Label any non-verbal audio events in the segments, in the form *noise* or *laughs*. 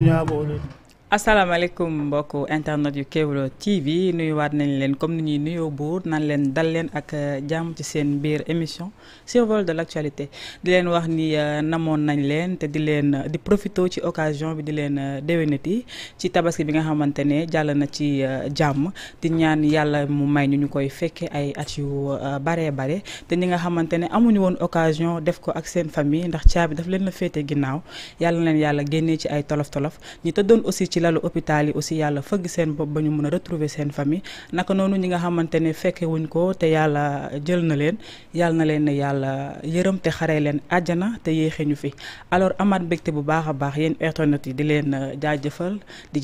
Já vou, né? asalaamaaleykum mbokk internet yu câble TV nuyuwaat nañ leen comme ni ñuy nuyoo buur nan leen dal leen ak euh, jàmm ci seen biir émission survol de l'actualité di leen wax ni euh, namoon nañ leen te di leen euh, di profito ci occasion bi di leen déwénati ci tabaski bi nga xamante ne jàll na ci jàmm di ñaan yàlla mu may ñu ñu koy fekkee ay at yu baree bare te ñi nga xamante ne amuñu woon occasion def ko ak seen famille ndax caabi daf leen la féete ginnaaw yàlla leen yàlla génnee ci ay tolof tolof ñi doon aussi ci ci lalu hôpital yi aussi yàlla fëgg seen bopp ba ñu mën a seen famille naka noonu ñi nga xamante ne fekke wuñ ko te yàlla jël na leen yàlla na leen yàlla yërëm te xaree leen àjjana te yéexee ñu fi alors amaat mbégte bu baax a baax yéen internet yi di leen euh, jëfal di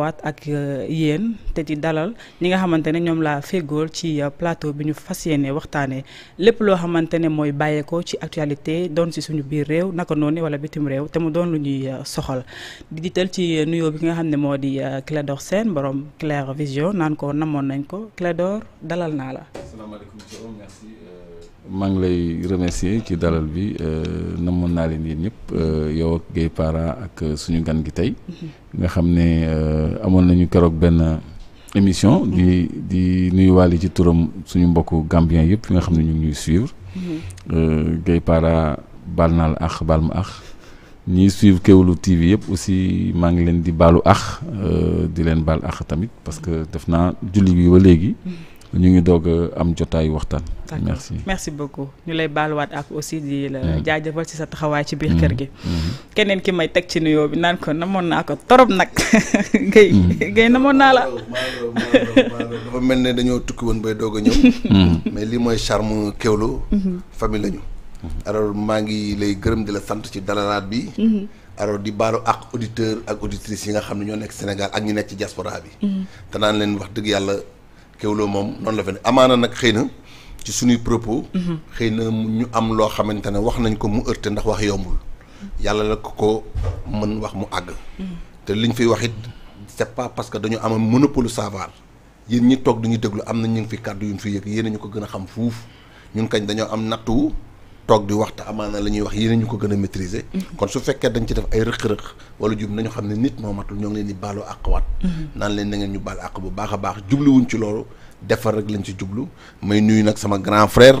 waat ak euh, yéen te di dalal ñi nga xamante ne ñoom laa féggool ci euh, plateau bi ñu fas yéene waxtaanee lépp loo xamante ne mooy bàyyeekoo ci actualité doon si suñu biir réew naka noonu wala bitim réew te mu doon lu ñuy soxal nga remercie ne borom Clair Vision nan ko dalal la. à merci. Euh. remercier ci dalal bi Para euh, euh, ak suñu mhm. nañu ben émission di mhm. di wali ci turum suñu gambien nga ñu suivre. Mhm. Para balnal ñiy suivre Kéwoulo TV yëpp aussi maa ngi leen di baalu ax euh, di leen baal ax tamit parce que def naa julli bi ba léegi mm. ñu ngi doog am jotaayu waxtaan. merci merci beaucoup ñu lay baaluwaat ak aussi di la. Mm. jaajëfal ci sa taxawaay ci biir mm. kër gi. Mm-hmm. keneen ki may teg ci nuyoo bi naan ko namoon naa ko torop nag. Guèye *laughs* Guèye namoon naa la. dafa mel ne dañoo tukki woon bay doog a ñëw. mais lii mooy charme Kéwoulo. Mm-hmm. famille lañu. alors maa ngi lay gërëm di la sant ci dalalaat bi. Mhm. alors di baalu ak auditeur ak auditrices yi nga xam ne ñoo nekk Sénégal ak ñi nekk ci diaspora bi. Mhm. te naan leen wax dëgg yàlla Kéwoulo moom noonu la fa amaana nag xëy na ci suñuy propos. Mhm. xëy na ñu am loo xamante ne wax nañ ko mu heurté ndax wax yombul. yàlla la ko ko mën wax mu àgg. te liñ fiy wax it c'est pas parce que dañu amoon monopole savoir yéen ñi toog duñu déglu am na ñu ngi fi kàddu yu ñu fi yëg yéen ñu ko gën a xam tok di waxta amana lañuy wax yéen ñu ko gëna maîtriser. Mhm. kon su fekkee dañ ci def ay rëq-rëq wala jub nañu xamné nit mo matul ñong leen di baalu àqwaat. Mhm. naan leen na ngeen ñu bal ak bu baaxa baax jublu wuñ ci lolu défar rek lañ ci jublu may nuyu nak sama grand frère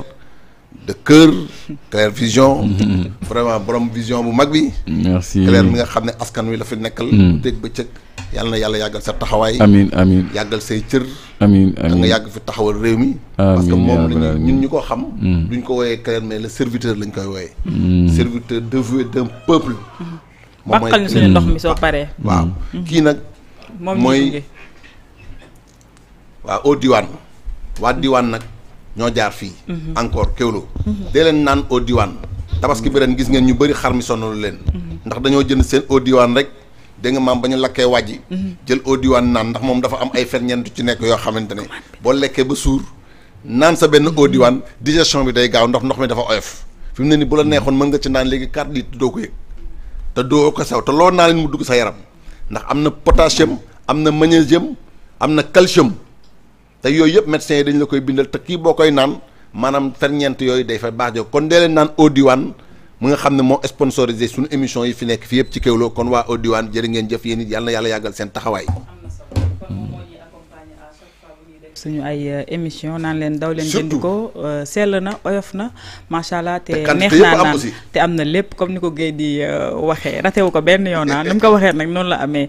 de cœur *laughs* clair Vision. *laughs* vraiment borom vision bu mag bi. merci Claire mi nga xamné askan wi la fi nekkal. bu dégg yalla na yalla yagal sa taxaway amin amin yagal say cër. amiin amiin nga yàgg fi taxawal réew mi. parce moom la ñun ñu ko xam. Mm. duñ ko wooyee keneen mais le serviteur lañ koy wooyee. Mm. serviteur dévoué d'un peuple. Mm. moom mooy bàqal suñu ndox mi soo paree. waaw kii nag. moom mooy waaw au diwaan. waa diwaan nag ñoo jaar fii. Mm-hmm. encore Kéwoulo. Mm-hmm. dee leen naan au diwaan. Mm-hmm. tabaski bi gis ngeen ñu bëri xar mi sonal leen. ndax dañoo jënd seen au diwaan rek. dégg nga maam ba ñu lakkee wàjji mhm. jël au diwaan naan ndax moom dafa am ay ferñeent ci nekk yoo xamante ne boo lekkee ba suur naan sa benn au diwaan digestion bi day gaaw ndox ndox mi dafa oyof fi mu ne ni bu la neexoon mën nga ci naan léegi quatre litres doo ko yëg te doo ko sew te loo naa mu dugg sa yaram ndax am na potassium am na magnésium am na calcium te yooyu yëpp médecins yi dañ la koy bindal te kii boo koy naan maanaam ferñeent yooyu day fa baax jo kon dee leen naan au mu nga xam ne moo sponsorisé suñu émission yi fi nekk fi yëpp ci Kéwoulo kon waa Oddiwane jërë ngeen jëf yéen it yàlla na yàlla yàggal seen taxawaay suñu ay euh, émission naan leen daw leen jënd ko euh, sell na oyof na macha allah te neex naa naan te am na lépp comme ni ko géey di euh, waxee ratewu ko benn yoon na ah, ni mu ko waxee nag noonu la amee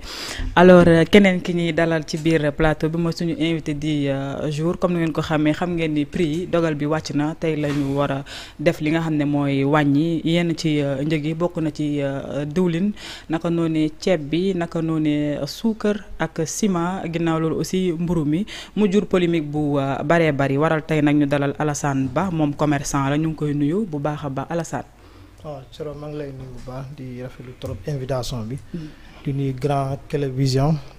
alors keneen ki ñuy dalal ci biir plateau bi mooy suñu invité di jour comme ni ngeen ko xamee xam ngeen ni prix yi dogal bi wàcc na tey la ñu war a def li nga xam ne mooy wàññi yenn ci njëg yi bokk na ci diwlin naka noonu ceeb bi naka noonu suukar ak sima ginnaaw lool aussi mi polémique bu euh, baree bari waral tay nak ñu dalal Alassane Ba mom commerçant la ñu koy nuyu bu baax ba Alassane. waaw Thioro maa ngi lay nuyu bu baax di rafetlu trop invitation bi. Mm. di nuyu Grand Télévision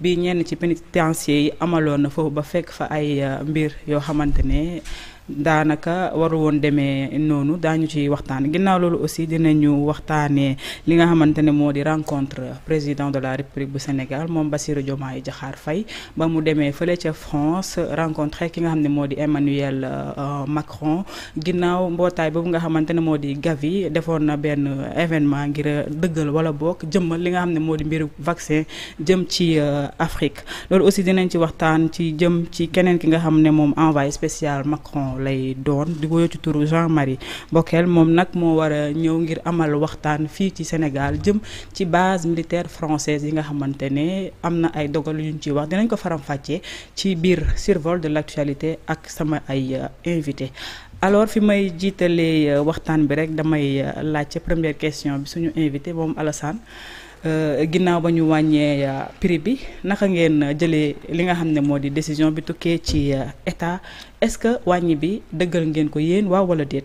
bi ñenn ci pénitencier yi amaloon na foofu ba fekk fa ay euh, mbir yoo xamante ne daanaka waru woon demee noonu daañu ci waxtaan ginnaaw loolu aussi dinañu waxtaanee li nga xamante ne moo di rencontre président de la république bu Sénégal moom Bassirou Diomaye Diakhar fay ba mu demee fële ca France rencontre ki nga xam ne moo di Emmanuel euh, Macron ginnaaw mbootaay boobu nga xamante ne moo di Gavi defoon na benn événement ngir dëggal wala bokk jëmmal li nga xam ne moo di mbiru vaccin jëm ci euh, Afrique loolu aussi dinañ ci waxtaan ci jëm ci keneen ki nga xam ne moom envoyé spécial Macron lay doon di woyo ci turu Jean Marie Bockel mom nak mo wara ñew ngir amal waxtaan fi ci Sénégal jëm ci base militaire française yi nga xamantene amna ay dogal yuñ ci wax dinañ ko faram-fàccee ci bir survol de l'actualité ak sama ay euh, invité alors fi may jiitalee euh, waxtaan bi rek damay euh, laajte première question bi suñu invité moom Alassane Euh, ginnaaw ba ñu wàññee euh, prix bi naka ngeen euh, jëlee li nga xam ne moo di décision bi tukkee ci état est-ce que wàññi bi dëggal ngeen ko yéen waaw walla déet.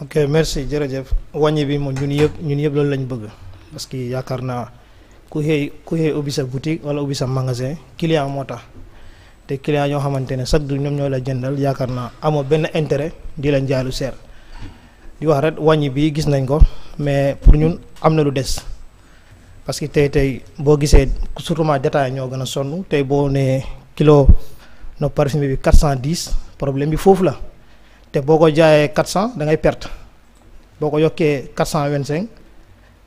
ok merci jërëjëf wàññi bi moom ñun yëpp ñun yëpp loolu lañ bëgg parce que yaakaar naa ku xëy ku xëy ubbi sa boutique walla ubbi sa magasin client moo tax. te client ñoo xamante ne chaque du ñoom ñoo la jëndal yaakaar naa amoo benn intérêt di la njaalu seer di wax rek wàññi bi gis nañ ko mais pour ñun am na lu des parce que tey tey boo gisee surtout ma ñoo gën a sonn tey boo nee kilo no parfumé bi cent dix problème bi foofu la te boo ko jaayee 400 da ngay perte boo ko yokkee 425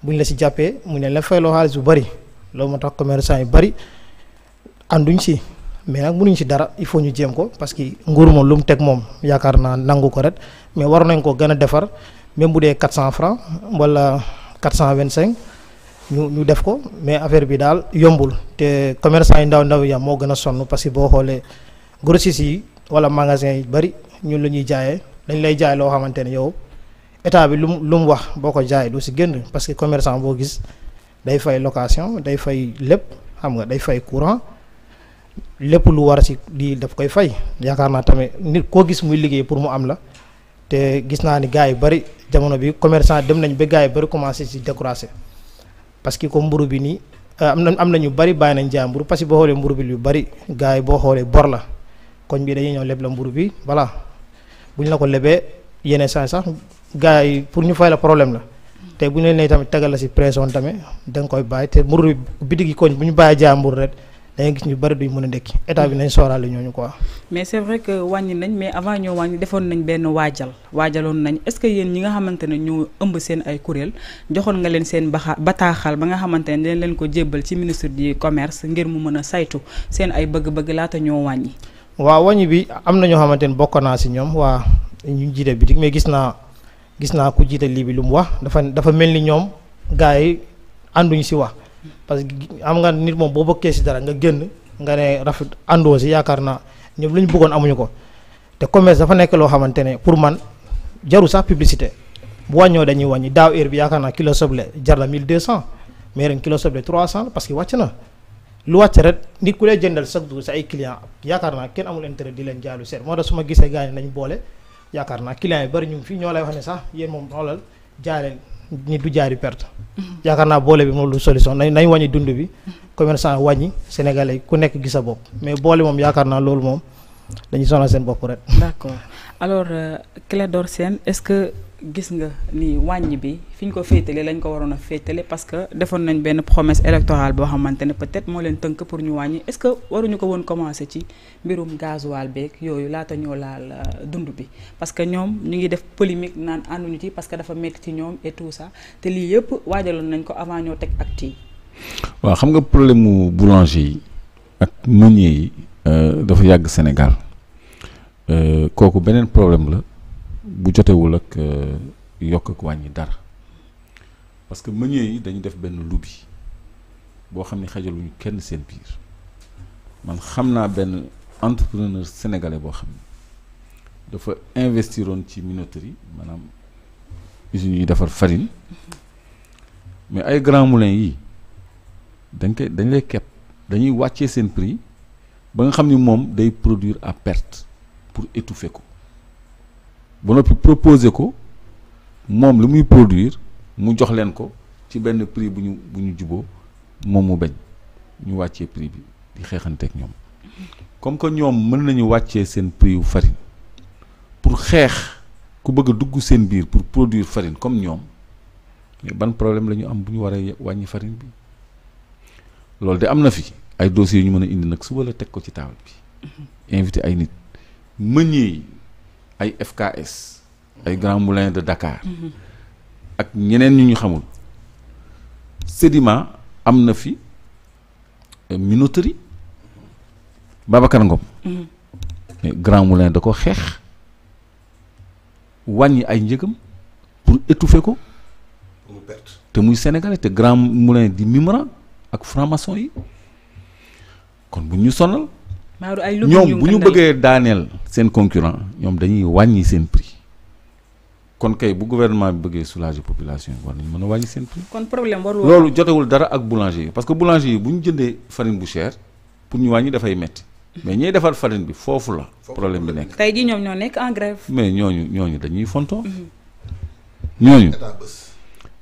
bu ñu la si jàppee mu ne la fayloo xaalis bu bëri loolu moo tax commerçant yu bëri ànduñ si mais nag mënuñ si dara il faut ñu jéem ko parce que nguur moom lu mu teg moom yaakaar naa nangu ko rek mais war nañ ko gën a defar même bu dee 400 francs wala 425. ñu ñu def ko mais affaire bi daal yombul te commerçant yi ndaw ndaw ya moo gën a sonn parce que boo xoolee grossistes yi wala magasin yi bari ñun la ñuy jaayee dañ lay jaay loo xamante ne yow état bi lu mu lu mu wax boo ko jaayee du si génn parce que commerçant boo gis day fay location day fay lépp xam nga day fay courant lépp lu war si lii daf koy fay yaakaar naa tamit nit koo gis muy liggéey pour mu am la te gis naa ni gars yi bari jamono bi commerçant dem nañ ba gars yi bari commencé si décourager parce que comme mburu bi nii euh, am na am nañu bari bàyyi nañ jaay mburu parce que boo xoolee mburu bi lu bari gars yi boo xoolee bor la koñ bi dañuy ñëw leb la mburu bi voilà bu ñu la ko lebee yeneen saa sax gars yi pour ñu fay la problème la te bu ñu leen tamit tegal la si pression tamit da nga koy bàyyi te mburu bi bitig koñ bu ñu bàyyi jaay mburu rek da ngay gis ñu bari duñ mën a ndekki état bi nañ sooraale ñooñu quoi. mais c'est vrai que wàññi nañ mais avant ñoo wàññi defoon nañ benn waajal waajaloon nañ est-ce que yéen ñi nga xamante ne ñoo ëmb seen ay kuréel joxoon nga leen seen baxa bataaxal ba nga xamante ne dañ leen ko jébbal ci ministre du commerce ngir mu mën a saytu seen ay bëgg-bëgg laata ñoo wàññi. waaw wàññi bi am na ñoo xamante ne bokk naa si ñoom waa ñu jiite bi mais gis naa gis naa ku jiite lii bi lu mu wax dafa dafa mel ni ñoom gars yi ànduñu si wax parce que am nga nit moom boo bokkee si dara nga génn nga ne rafet àndoo si yaakaar naa ñoom li ñu bëggoon amuñu ko te commerce dafa nekk loo xamante ne pour man jaru sax publicité bu wàññoo dañuy wàññi daaw heure bi yaakaar naa kilo soble jar la 1200 mais ren kilo soble 300 parce que wàcc na lu wàcc rek nit ku lay jëndal chaque jour sa ay client yaakaar naa kenn amul di leen jaalu seet su ma gisee gars yi nañ boole yaakaar naa client yi bari ñu ngi ñoo lay wax ne sax yéen moom xoolal jaay leen Ni du jaari perte. yaakaar bi lu solution nañ commerçant sénégalais ku sa mais boole moom yaakaar naa loolu dañuy d'accord alors euh, Clédor est-ce que gis nga ni wàññi bi fi ñu ko féetale lañ ko waroon a féetale parce que defoon nañ benn promesse électorale boo xamante ne peut-être moo leen tënk pour ñu wàññi est-ce que waruñu ko woon commencer ci mbirum gasoil beeg yooyu laata ñoo laal euh, dund bi parce que ñoom ñu ngi def polimique naan ànduñu ci parce que dafa métti ci ñoom et tout ça te lii yëpp waajaloon nañ ko avant ñoo teg acte yi. waaw xam nga problème mu boulanger yi ak meunier yi euh, dafa yàgg Sénégal euh, kooku beneen problème la. bu jotewul ak euh, yokk ak wàññi dara parce que meunier yi dañu def benn lubi boo xam ne xajaluñu kenn seen biir man xam naa benn entrepreneur sénégalais boo xam ne dafa investir ci minoterie maanaam usines yi defar farine mais ay grand moulin yi dañ koy dañ lay kepp dañuy wàccee seen prix ba nga xam ni moom day produire à perte pour étouffer ko ba noppi proposer ko moom lu muy produire mu jox quoi ko ci le prix bu ñu du ñu mon moom mu bañ ñu prix prix bi di comme quand comme que ñoom nous nañu c'est un prix yu farine pour faire ku bëgg a dugg seen biir pour produire farine comme ñoom mais ban problème la ñu am bu ñu waree wàññi farine bi loolu de am na fi ay dossiers ñu mën indi nag suba la teg ko ci table bi invité ay nit meññee ay FKS ay grand moulin de Dakar ak ñeneen ñu ñu xamul sédiment am na fi eh, minoterie Babacar Ngom mais Grands Moulins da ko xeex wàññi ay njëgam pour étouffer ko te muy sénégalais te grand moulin di Mimran ak franc-maçon yi kon bu ñu sonal ñom buñu bëggé Daniel, sen concurrent ñom dañuy wañi sen prix kon kay bu gouvernement bi bëggé soulager population war nañu mëna wañi sen prix. kon problème warul loolu jotewul dara ak boulanger parce que boulanger yi bu ñu farine bu cher pour ñu da fay metti mais ñi défar farine bi fofu la problème bi nek tay ji ñom ñoo nek en grève. mais ñoñu ñoñu dañuy fonto mhm. ñoñu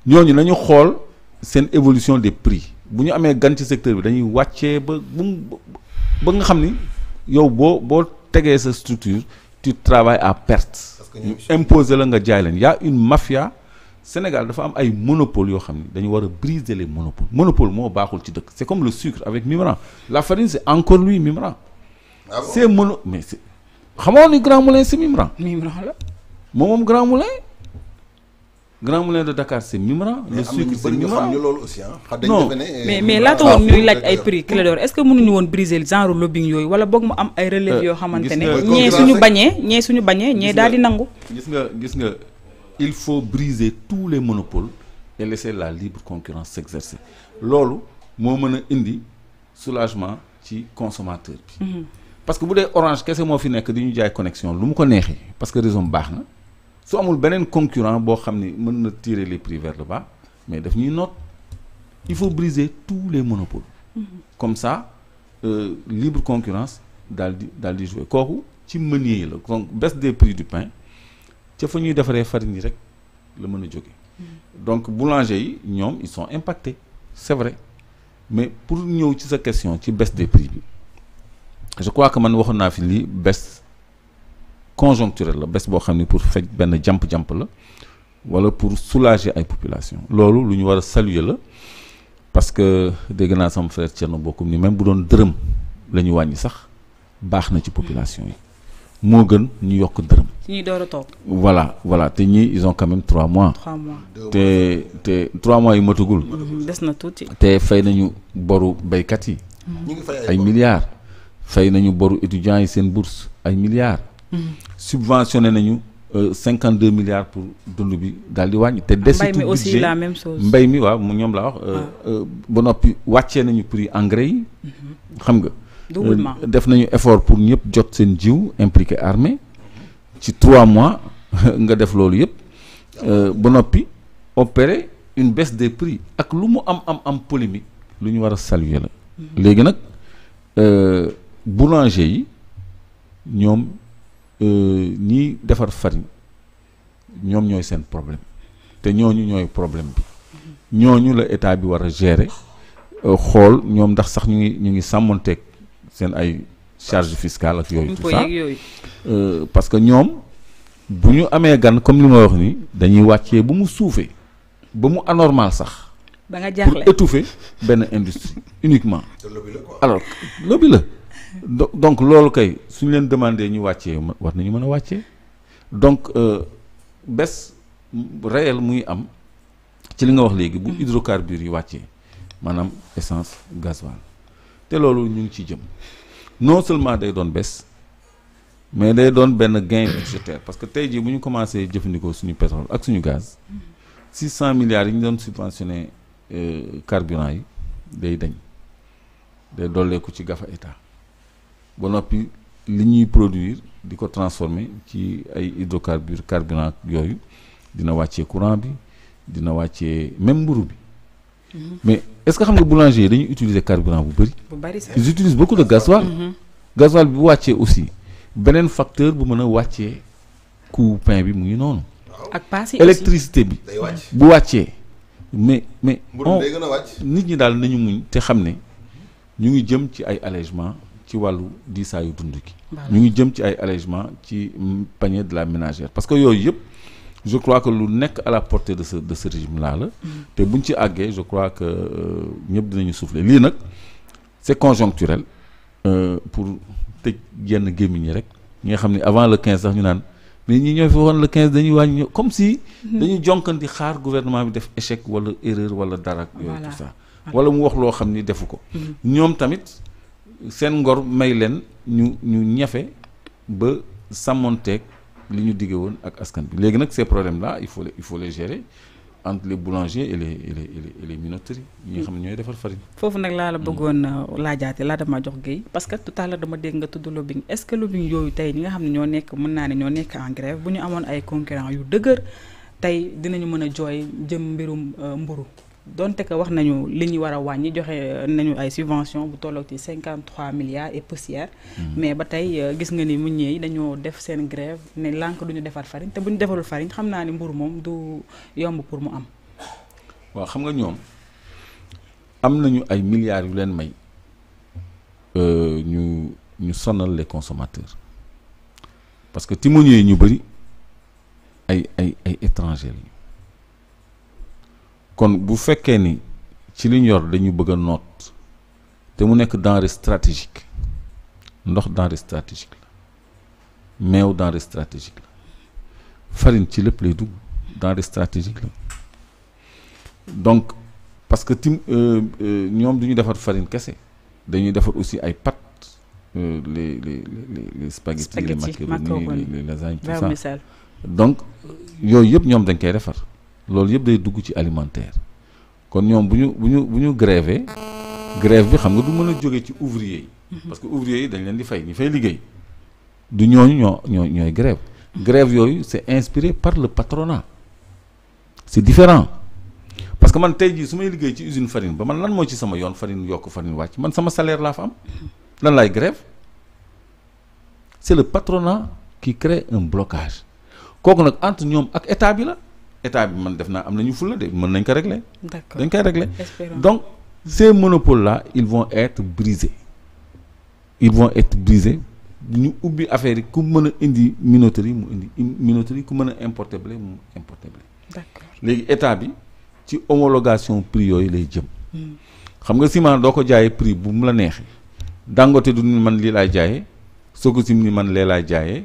ñoñu nañu xol sen évolution des prix buñu amé amee gan ci secteur bi dañuy waccé ba bu ba nga xam ni yow boo boo tegee sa structure tu travailles à perte. imposez la nga jaay y a une mafia Sénégal dafa am ay monopole yoo xam ni dañu briser les monopoles monopole moo baaxul ci dëkk c'est comme le sucre avec Mimran la farine c'est encore lui Mimran. Ah c'est mono mais c'est xamoon ni Grand Moulin c'est Mimran. Mimran la moom Grand Moulin. Grand Moulin de Dakar c'est est le sucre c' est Mimran hein. non mais euh, mais laata woon ñuy laaj ay prix Clédor est ce que mënuñu woon briser genre lobbying yooyu wala boog mu am ay relève euh, yoo xamante ne ñee suñu bañee ñee suñu bañee ñee daal di nangu. gis nga gis nga il faut briser tous les monopoles et laisser la libre concurrence s'exercer. Lolo loolu moo indi soulagement ci consommateur mhm. parce que vous dee orange kese moo fi nekk di ñu jaay connexion lu mu ko neexee parce que raison baax su amul un concurrent boo xam ni tirer les prix vers le bas mais daf ñuy il faut briser tous les monopoles. Mm-hmm. comme ça euh, libre concurrence dal di di jouer kooku ci meunier yi la donc baisse des prix du pain ca fa ñuy defaree farine yi rek la a mm-hmm. donc boulanger yi ils sont impactés c'est vrai mais pour nous ci sa question ci baisse des prix je crois que man waxoon naa fi lii baisse conjoncturel la bés bo xamni pour faj ben jump jump la wala pour soulager ay population lolu lu ñu saluer la parce que dégg naa sama frère Thierno bokkum ni même bu doon deureum la ñu wàññi sax baxna ci population yi mo gën ñu yok deureum ci door a tok voilà voilà té ñi ils ont quand même trois mois. trois mois te te trois mois yu matugul des na tuuti. te fay nañu boru baykat yi. ñu ngi fay ay milliards. fay nañu boru étudiants yi seen bourse ay milliards subventionné nañu 52 euh, milliards pour dund bi daal di wàññi. te desitu budget mbay mi aussi la même chose. mbay mi waaw ñoom la wax. euh, ah. euh bo nopi waccé nañu prix engrais yi. Mhm. xam nga. Euh, def nañu effort pour ñëpp jot sen jiw impliqué armée ci 3 mois *laughs* nga def lolu loolu euh bo nopi opérer une baisse des prix ak lu mu am am am polémique lu ñu wara saluer la mhm. légui nak euh boulanger yi ñom nous euh, defar farine problèmes. nous avons problème problèmes. Nous ñoy problème bi ñoñu la état bi wara a gérer euh, xol ñom ndax sax ñu nous ñu ngi seen ay charge fiscale ak tout ça euh, parce que nous bu nous gan comme nous ma wax ni dañuy waccé bu mu Nous ba mu anormal sax pour étouffer industrie uniquement alors lobby la donc loolu kay suñu leen demandé ñu wàccee war nañu mën a wàccee donc euh, bes réel muy am ci li nga wax léegi bu hydrocarbures yi wàccee maanaam essence gasoil te loolu ñu ngi ci jëm non seulement day doon bés mais day doon benn gain parce que tey jii bu ñu commencé jëfandikoo suñu pétrole ak suñu gaz six cent milliards yi ñu doon subventionné euh, carburant yi day dañ day dolleeku ci gafa état ba noppi li ñuy produire di ko transformer ci ay hydrocarbures carburant yooyu dina wàccee courant bi dina wàccee même mburu bi mhm. mais est-ce que xam nga boulanger dañuy utiliser carburant bu bari bu bëri sax ils utilisent beaucoup de gasoil. Mhm. gasoil bi bu aussi benen facteur bu mën a coût pain bi mu ngi non ak paas électricité bi. bu wàccee. mais mais on nit ñi dal nañu muñ te xamné ñu ngi jëm ci ay allègement ci wàllu diisaayu dund gi bah ñu ngi jëm ci ay allègements ci panier de la ménagère parce que yooyu yëpp je crois que lu nekk à la portée de ce de ce régime là la mm-hmm. te buñ ci àggee je crois que euh, ñëpp dinañu souffler lii nag c'est conjoncturel euh, pour tëj yenn gémmiñ rek nga xam ne avant le 15 sax ñu naan mais ñi ñoo fi waxoon le 15 dañuy wàññi comme si mm-hmm. dañu jonkandi xaar gouvernement bi def échec wala erreur wala dara yooyu tout ça wala mu wax loo xam ni defu ko mm-hmm. ñoom tamit seen ngor may leen ñu ñu ñafe ba sàmmonteeg li ñu diggee woon ak askan bi léegi nag ces problèmes là il faut les il faut les gérer entre les boulangers et les et les et xam ne ñooy defar farine. foofu nag laa la mm. bëggoon euh, laajaate laa dama jox Guèye parce que tout à l'heure dama dégg nga tudd lobbying est ce que lobbying yooyu tey ñi nga xam ne ñoo nekk mën naa ne ñoo nekk en bu ñu amoon ay concurrents yu dëgër tey dinañu mën a jooy jëm mbirum euh, mburu donte que wax nañu li ñu war a wàññi joxe nañu ay subvention bu tolloog ci 53 milliards et poussière. Mm-hmm. mais ba tey euh, gis nga ni mu ñëw dañoo def seen grève ne lànk duñu defar farine te bu ñu defarul farine xam naa ni mburu moom du yomb pour mu am. waaw xam nga ñoom am nañu ay milliards yu leen may euh, ñu ñu sonal les consommateurs parce que timoniers ñu bëri ay ay ay étrangers lañu kon bu vous ni ci ce yor dañu bëgg besoin de mu nekk denrée stratégique stratégique la dans denrée stratégique la farine ci lépp donc parce que nous, euh, euh, nous du de la farine cassée. Nous avons aussi des pâtes euh, les les les les spaghettis les macaronis les lasagnes tout ça donc nous, avons de loolu yëpp day dugg ci alimentaire kon ñoom bu ñu bu ñu bu ñu grève grève bi xam nga du mën a ci ouvrier yi mhm. parce que ouvrier yi dañ leen di fay ñu fay liggéey du ñooñu ñoo ñoo ñooy grève grève yooyu c'est inspiré par le patronat c'est différent parce que man tey jii su may liggéey ci usine farine ba man lan moo ci sama yoon farine yokk farine wàcc man sama salaire laa fa am lan laay grève c'est le patronat qui crée un blocage kooku nag entre ñoom ak état bi la état bi man def naa am nañu fulla de mën nañ ko régler. d'accord dañ koy régler donc ces monopoles là ils vont être brisés ils vont être brisés ñu ubbi affaire ku mën indi minoterie mu indi minoterie ku mën importer blé mu importer blé. d'accord légui état bi ci homologation prix yoy lay jëm. Hmm. xam nga ciment doo ko jaayee prix bu mu la neexee. dangoté du ni man lii laay jaayee Sococim ni man lay laay jaayee.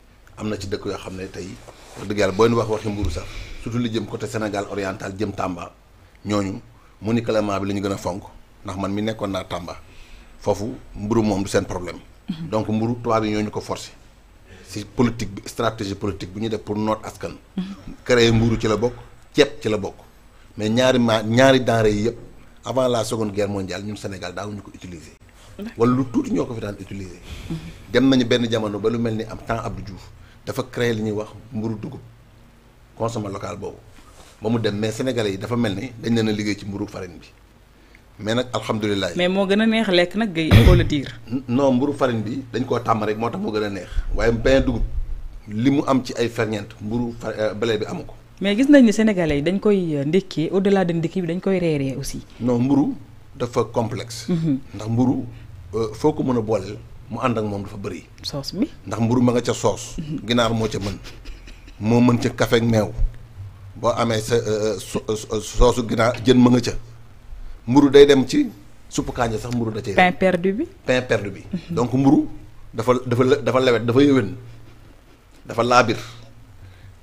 am na ci dëkk yoo xam ne tey wax dëgg yàlla boo leen wax waxi mburu sax surtout lu jëm côté Sénégal oriental jëm Tamba ñooñu mu ni clément bi la ñu gën a fonk ndax man mi nekkoon naa Tamba foofu mburu moom du seen problème. donc mburu tubaab yi ñoo ñu ko force si politique bi stratégie politique bu ñu def pour noot askan. créer mburu ci la bokk ceeb ci la bokk mais ñaari ma ñaari denrées yi yëpp avant la seconde guerre mondiale ñun Sénégal daawuñu ko utiliser. wala lu tuuti ñoo ko fi daan utiliser. Mhm. dem nañu benn jamono ba lu mel ni am temps Abdou Diouf. dafa créer li ñuy wax mburu dugub consommé local boobu ba mu dem mais sénégalais yi dafa mel ni dañ leen liggéey ci mburu farine bi mais nag alhamdulilah. mais moo gën a neex lekk nag gay il faut le mburu farine bi dañ koo tàmm rek moo tax moo gën a neex waaye benn dugub li mu am ci ay ferñeent mburu fa euh, blé bi amu ko. mais gis nañ ni sénégalais yi dañ koy euh, ndékkee au delà de ndékki bi dañ koy reeree aussi. noo mburu dafa complexe. Mm-hmm. ndax mburu euh, foo ko mën a booleel. mu ànd ak moom dafa bëri. soos bi ndax mburu ma nga ca soos. Mhm. ginaar moo ca mën moo mën ca café ak meew boo amee sa euh, euh, euh, soosu ginaar jën ma nga ca mburu day dem ci suppu kanja sax mburu da cee. pain bi pain perdu bi. Mhm. donc mburu dafa dafa lawet lewet dafa yëwén dafa laabir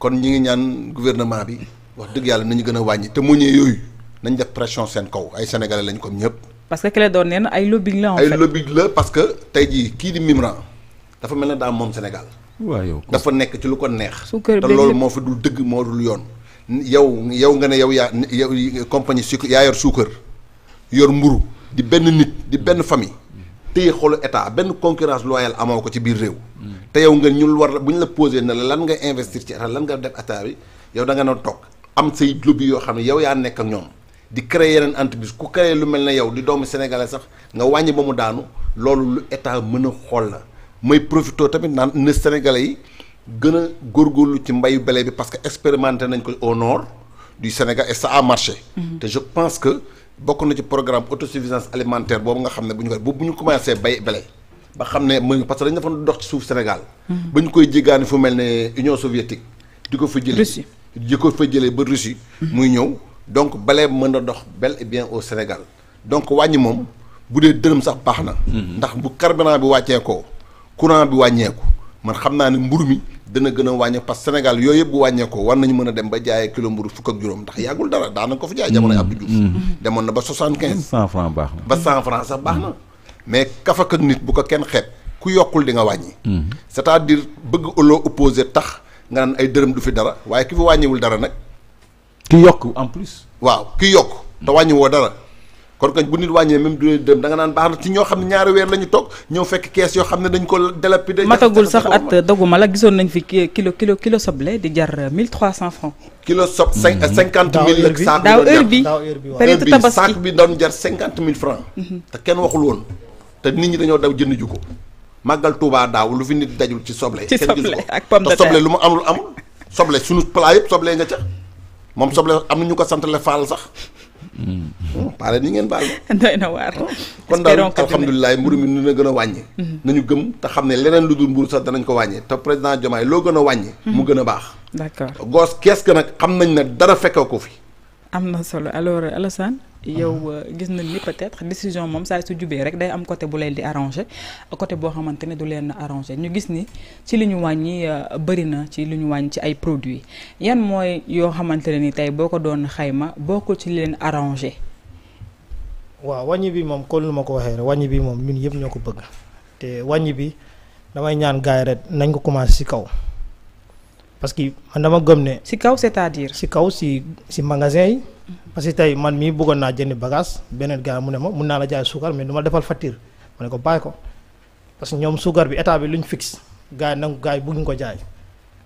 kon ñi ngi ñaan gouvernement bi wax dëgg yàlla nañu gën a wàññi te mu ñëwee yooyu nañ def pression seen kow ay sénégalais lañ comme ñëpp. parce que Clédor nee ay lobbying la en fait ay lobbying la parce que tey jii kii di Mimran dafa mel da daa Sénégal. Wa yow dafa nek ci lu ko neex. su te loolu moo dul deug mo dul yoon. yow yow nga ne yow ya yow compagnie sucre ya yor sucre yor mburu di ben nit di ben famille. téye xoolu état ben concurrence loyale amoko ci biir rew mm. te yow nga ñul war buñ la poser na lan nga investir ci état lan nga def état bi yow da nga doon tok am say lobby yo xamni yow ya nek ak ñom di créer un entreprise ku créer lu mel yow di doomu sénégalais sax nga wañi ba mu daanu loolu lu état mën a la may profito tamit naan ne sénégalais yi gën a ci mbayu bele bi parce que expérimenté nañ ko au nord du Sénégal et ça a marché. Mhm. te je pense que bokk na ci programme autosuffisance alimentaire bobu nga xamné buñu bu ñu commencé bay bele ba xamné parce que dañu defoon dox ci suuf Sénégal. Mhm. buñ koy djigan fu melné Union soviétique. diko ko fa jëlee Russie fa jëlee ba Russie. Mhm. muy ñëw donc il y a bel et bien au Sénégal donc il a que sax na. Mhm. ndax bu carburant bi bien. courant bi le man xam naa que mburu mi dana a parce que Sénégal yooyu yëpp bu war nañu dem ba kilo mburu fukk ak y ndax yagul dara fi jaay jamono mhm. Abdou Diouf. Mhm. na ba vous avez francs ba 100 francs sax baax mais qui sont nit bu ko kenn ku di nga c'est-à-dire bëgg olo opposé tax nga ay dërëm du fi dara ki yokk en plus. waaw ki yokk te wàññi dara kon kañ bu nit wàññee même du dem da nga naan baax na ci ñoo xam ne ñaari weer la ñu toog ñëw fekk kees yoo xam ne dañ ko délapidé. matagul sax at doguma la gisoon nañ fi kilo kilo kilo soble di jar 1300 francs. kilo sob mhm. mille la saako daaw heure bi daaw heure bi période tabaski saako bi doon jar cinquante mille francs. Mhm. te kenn waxul woon te nit ñi dañoo daw jënd ju ko. màggal Touba daaw lu fi nit dajul ci soble. ci soble ak pomme de terre te soble lu mu amul moom soble am na ñu ko santale faal sax. Hmm. Hmm, paale ni ngeen baal. *laughs* doy na waar. Hmm. kon daal alhamdulilah mburu mi nu na gën a wàññi. nañu gëm te xam ne leneen lu dul mburu sax danañ ko wàññee te président Diomaye loo gën a wàññi. mu gën a baax. d'accord goos kees ga nag xam nañ ne dara fekkee ko fi. am na solo alors euh, Alassane yow mhm. euh, gis nañ ni peut décision moom saa su jubee rek day am côté bu leen di arrangé côté boo xamante ne du leen arrangé ñu gis ni ci li ñu wàññi euh, bëri na ci li ñu wàññi ci ay produits yan mooy yoo xamante ne ni tey boo ko doon xayma boo ko ci leen arrangé. waaw wàññi bi moom kon lu ma ko waxee rek wàññi bi moom ñun yëpp ñoo ko bëgg te wàññi bi damay ñaan gaay rek nañ ko commencé ci kaw. parce que man dama gëm ne. kaw c'est-à-dire. si kaw si ci magasin yi. parce que tay man mi bëggona jënd bagage benen gars mu ne ma mu na la jaay sugar mais duma ma defal fatir ma ne ko bay ko parce que ñom sugar bi état bi luñ fixe gaay nang gaay bu ngi ko jaay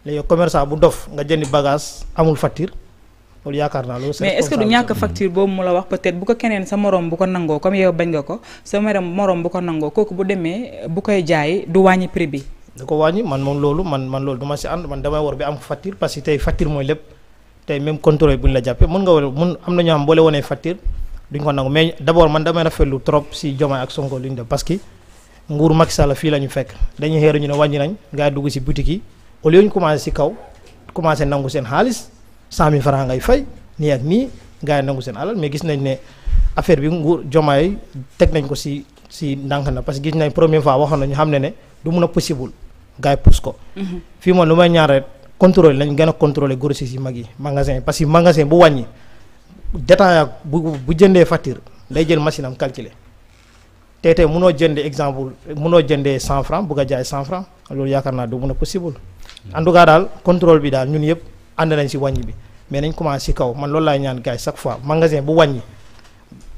léegi commerçant bu dof nga jënd bagage amul fatir loolu yaakaar na loolu. mais est ce que du ñak fatir bo mu la wax peut être bu ko keneen sa morom bu ko nango comme yow bañ nga ko sa morom bu ko nango koku bu démé bu koy jaay du wañi prix bi. da ko wàññi man moom loolu man man loolu du si ànd man damay war bi am facture parce que tey facture mooy lépp tey même contrôle bu ñu la jàppee mën nga war mun am na ñoo xam boo leen wanee facture duñ ko nangu mais d' man damay rafetlu trop si Diomaye ak Sonko li ñu def parce que nguur Macky Sall fii la ñu fekk dañuy xeer ñu ne wàññi nañ gars dugg si boutique yi au ñu commencé si kaw commencé nangu seen xaalis cent mille francs ngay fay nii ak nii gars yi nangu seen alal mais gis nañ ne affaire bi nguur Diomaye teg nañ ko si si ndànk na parce que gis nañ première fois waxoon nañu xam ne ne du mëna possible gars yi pousse ko. Mhm. fi mo lumay may ñaan rek contrôler lañu gëna contrôler grossiste yi magi magasin parce que magasin bu wañi détail bu bu jëndé facture lay jël machine am calculer tey tey munoo exemple mëno jëndé 100 franc bu ga jaay 100 franc loolu yaakaar naa du mëna possible. Mm. en tout cas dal contrôle bi dal ñun yëpp and nañ ci wañi bi mais nañ commencé kaw man loolu lay ñaan gars chaque fois magasin bu wañi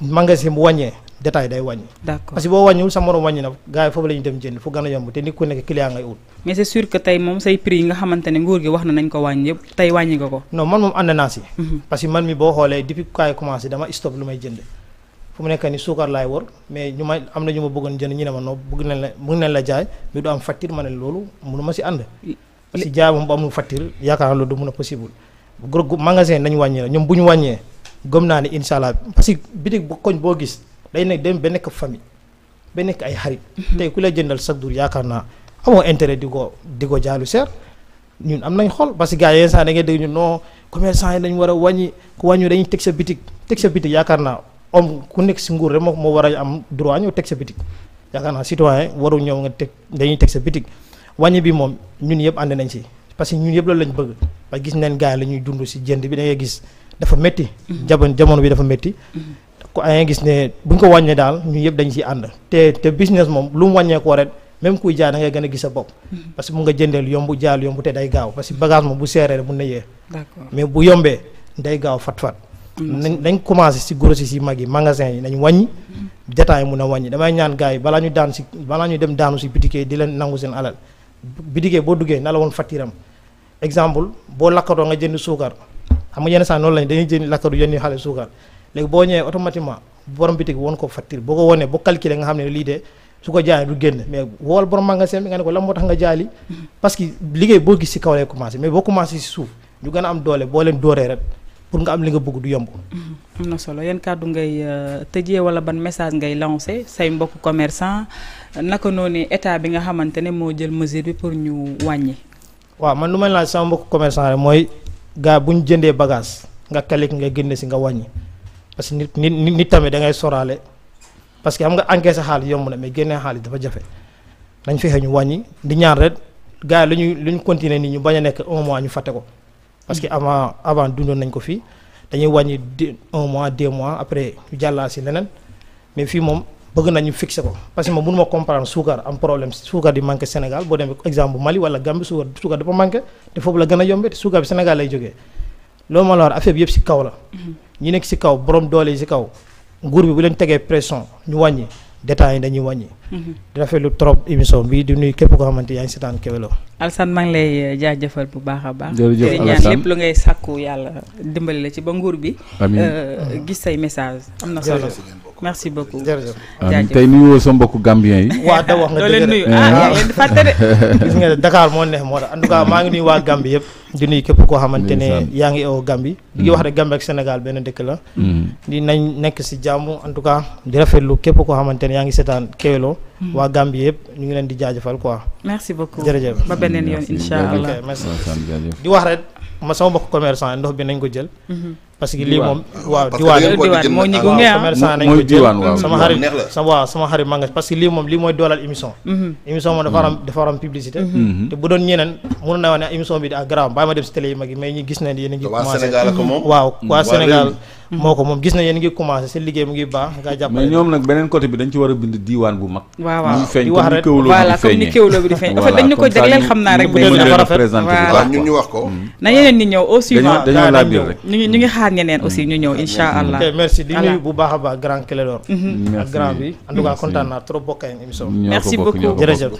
magasin bu wañé détail day wàññi. d'accord parce que bo wàññiwul sa morom wàññi na gars yi foofu dem jënd fu gëna yomb té nit ku nekk client ngay ut. mais c'est sûr que tay mom say prix nga xamantene nguur gi waxna nañ ko wàññi yépp tay wàññi nga ko. non man mom ànd na ci mhm. parce que man mi bo xolé depuis kay commencé dama stop lumay jënd fu mu nekk ni sukar lay wor mais ñu ma am na ñu ma bëggon jënd ñu ne ma no bëgg nañ la mëng nañ la jaay mi du am facture mané lolu mënu ma si ànd. si jaay moom ba mu facture yaakaar naa du mëna possible gros magasin nañ wàññee ñom buñu ñu wàññee gëm naa ne incha parce que bitik bo koñ bo gis day nekk dem ba nekk famille ba nekk ay xarit. Mhm. tey ku la jëndal chaque jour yaakaar naa amoo intérêt di ko di ko jaalu seer ñun am nañ xool parce que gars yenn saa da ngay dégg ñun noo commerçant yi dañu war a wàññi ku wàññi dañuy sa bitik teg sa bitik yaakaar naa om ku nekk si moo moo war a am droit ñëw teg sa bitik yaakaar naa citoyen waru ñëw nga teg dañuy teg sa bitik wàññi bi moom ñun yëpp ànd nañ si parce que ñun yëpp loolu lañ bëgg parce que gis nañ gars yi la ñuy dund si jënd bi dangay gis dafa métti. Mhm. jamono bi dafa métti. Mhm. ko ay gis ne buñ ko wañé dal ñu yëpp dañ ci and te te business mom lu mu wàññee ko rek même kuy jaay da ngay gëna a bop mm-hmm. parce que mu nga jëndel yombu jaal yombu te day gaaw parce que bagage mom bu seeree mu na yee mais bu yombé day gaaw fat fat mm-hmm. nañ dañ commencé ci grossis yi magi magasin yi nañ wàññi détail mu na wàññi dama ñaan gaay bala ñu daan si bala ñu dem daanu si bitikee di len nangu seen alal bitikee boduge, duggé na la won fatiram exemple bo lakato nga jënd sugar xam nga yene sa non lañ dañuy jënd lakkatu yenn xalé sugar léegi boo ñëwee automatiquement borom bitik woon ko facture boo ko wonee boo calculer nga xam ne lii de su ko jaayee du génn mais wool borom magasin bi nga ne ko lan moo tax nga jaay li mm-hmm. que liggéey boo gis si kaw lay commencé mais boo commencé si suuf ñu gën a am doole boo leen dooree rek pour nga am li nga mm-hmm. na solo yan kàddu ngay euh, tëjee wala ban message ngay lancé naka noonu état bi nga xamante ne moo jël mesure bi pour ñu wàññi. waaw man lu may laaj sama mbokk commerçant rek mooy gars bu ñu jëndee bagage nga kalik nga génne si nga wàññi. parce que nit nit nit tamit da ngay soralé parce que xam nga encaissé xal yomb na mais génné xal dafa jafé nañ fexe ñu wañi di ñaan rek gaay luñu lu continuer ni ñu baña nek un mois ñu faté ko parce que avant avant dundon nañ ko fi dañuy wañi un mois deux mois après ñu jallasi lenen mais fi mom bëgg nañu fixé ko parce que mo mënuma comprendre sugar am problème sugar di manqué Sénégal bo dem exemple Mali wala Gambie sugar sugar dafa manqué te fofu la gëna yombé sugar bi Sénégal lay joggé lo ma la war affaire bi yëpp ci kaw la mm-hmm. ñi nekk si kaw borom doole yi si kaw nguur bi bu leen tegee pression ñu wàññi détails yi dañuy wàññi. di rafetlu trop émission bi di nuyu képp ko xamante yaa ngi seetaan Kewelo alsan maa ngi lay jaajëfal bu baax a baax jërëjëf Alsane lépp lu ngay sàkku yàlla dimbali la ci ba nguur bi euh, gis say message am na solo merci beaucoup jërëjëf jaajëf tey nuyu woo sa mbokku gambien yi waa da wax nga doo leen nuyu ah yaa di fàtte de *laughs* gis nga Dakar moo neex moo tax en tout cas maa ngi nuyu waa Gambie yëpp di nuyu képp koo xamante ne yaa ngi ewo Gambie di mm. wax rek Gambie ak Sénégal benn dëkk la mm. di nañ nekk si jàmm en tout cas di rafetlu képp koo xamante ne yaa ngi seetaan Kewelo Mm. waa Gambie yëpp ñu ngi leen di ko quoi. merci beaucoup jërëjëf ba beneen yoon incha allah. di wax rek ma sama mbokk commerçant ndox bi nañ ko jël. Mm-hmm. parce que lii moom ah, waaw diwaan ah, ah. diwaan waaw sama xarit ma nga parce que lii moom lii mooy doolal émission mhm. émission moom dafa am mhm. dafa mhm. te bu doon ñeneen mën na wax ne émission bi daa garaaw bàyyi ma dem si télé yi mag yi mais ñu gis nañ yéen a ngi commencé waaw waa moo ko moom gis nañ yéen ngi commencé seen liggéey mu ngi baax nga jàpp mais ñoom feeñ en fait dañ ñu xam naa rek dafa rafet ñun ñeneen aussi ñu ñëw mm-hmm. incha allah. ok merci di nuyu bu baax a grand Clédor. ak mm-hmm. grand bi en tout cas kontaan naa trop bokk ak émission. merci